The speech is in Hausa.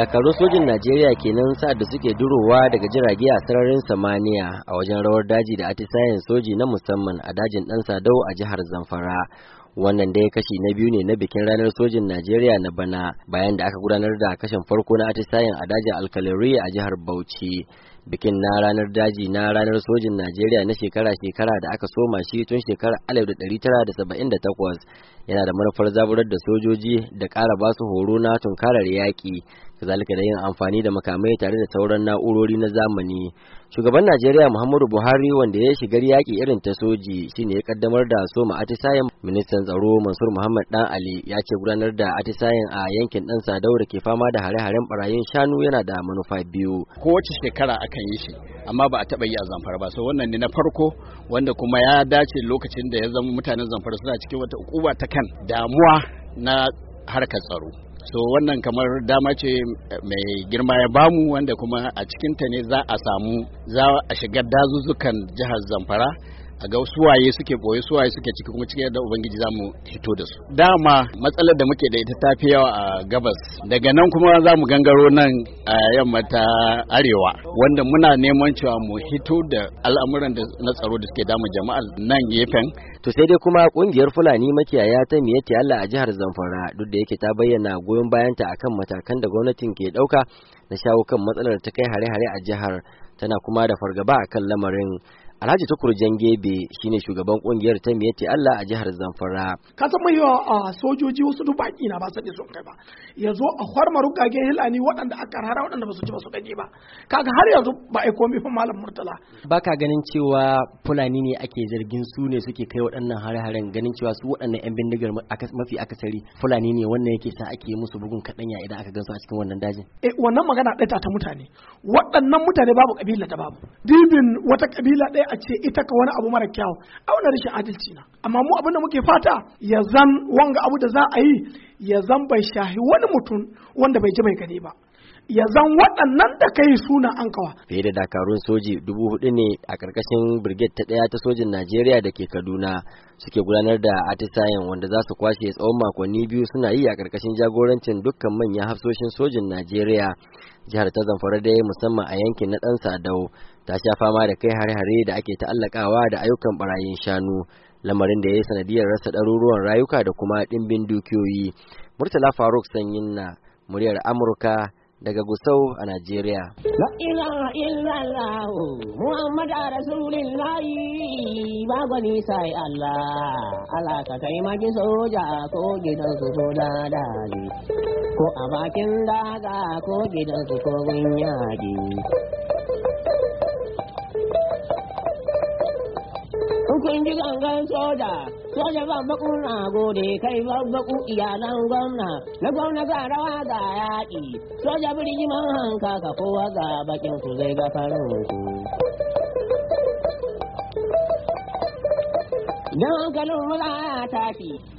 dakarun sojin najeriya kenan sa da suke durowa daga jirage a sararin samaniya a wajen rawar daji da atisayen soji na musamman a dajin dan sadau a jihar zamfara wannan dai kashi na biyu ne na bikin ranar sojin najeriya na bana bayan da aka gudanar da kashin farko na atisayen a dajin alkalari a jihar bauchi bikin na ranar daji na ranar sojin najeriya na shekara-shekara da aka soma shi tun shekarar 1978 yana da manufar zaburar da sojoji da ƙara basu horo na tunkarar yaƙi kazalika da yin amfani da makamai tare da sauran na'urori na zamani shugaban najeriya muhammadu buhari wanda ya shigar yaƙi irin ta soji shine ya kaddamar da soma atisayen ministan tsaro mansur muhammad dan ali ya ce gudanar da atisayen a yankin dan sadau da ke fama da hare-haren barayin shanu yana da manufa biyu kowace shekara akan yi shi amma ba a taɓa yi a zamfara ba so wannan ne na farko wanda kuma ya dace lokacin da ya zama mutanen zamfara suna cikin wata ukuba ta kan damuwa na harkar tsaro so wannan kamar dama ce mai girma ya bamu wanda kuma a cikinta ne za a samu za a shiga dazuzzukan jihar zamfara a ga suwaye suke boye suwaye suke ciki kuma cikin yadda ubangiji zamu hito da su dama matsalar da muke da ita ta fi yawa a gabas daga nan kuma za mu gangaro nan a yamma ta arewa wanda muna neman cewa mu hito da al'amuran da na tsaro da suke damu jama'a nan gefen to sai dai kuma kungiyar fulani makiyaya ta miyati Allah a jihar Zamfara duk da yake ta bayyana goyon bayanta akan matakan da gwamnatin ke dauka na shawo kan matsalar ta kai hare-hare a jihar tana kuma da fargaba akan lamarin Alhaji Tukuru Jangebe shine shugaban kungiyar ta Miyati Allah a jihar Zamfara. Ka san mai yawa a sojoji wasu duk baki na ba su da sun kai ba. Yanzu a harma rugage hilani waɗanda aka rara waɗanda ba su ci ba su gani ba. Kaga har yanzu ba ai komai fa Malam Murtala. Ba ka ganin cewa Fulani ne ake zargin su ne suke kai waɗannan hare-haren ganin cewa su waɗannan ƴan bindigar mafi akasari Fulani ne wannan yake sa ake musu bugun kaɗanya idan aka gansu a cikin wannan dajin. Eh wannan magana ɗaya ta mutane. Waɗannan mutane babu ƙabila ta babu. Dibin wata ƙabila ɗaya a ce ita ka wani abu mara kyau a wani rashin adalci na amma mu abin da muke fata ya zan wanga abu da za a yi ya zan bai shahi wani mutum wanda bai ji mai gani ba ya zan waɗannan da kai suna an kawa. Fiye da dakarun soji dubu hudu ne a ƙarƙashin Birgit ta ɗaya ta sojin Najeriya da ke Kaduna suke gudanar da atisayen wanda za su kwashe tsawon makonni biyu suna yi a ƙarƙashin jagorancin dukkan manyan hafsoshin sojin Najeriya. Jihar ta zamfara dai musamman a yankin na ɗan Sadau ta sha fama da kai hare-hare da ake ta'allakawa da ayyukan barayin shanu lamarin da ya yi sanadiyar rasa ɗaruruwan rayuka da kuma ɗimbin dukiyoyi. Murtala Faruk Sanyin na muryar Amurka daga Gusau a Najeriya. La ilaha illallah Muhammad a Rasulullah babu nisa sai Allah Allah ka taimaki soja ko gidan su ko ko a bakin daga ko gidan su ko gun kun ji gangan soja, soja ban baku na gode kai ban baku iyalan gwamna, na gwamna ga rawa ga yaƙi, soja birni man hanka ka kowa ga bakin ku zai ga farin ku. Don hankalin maza ya tashi,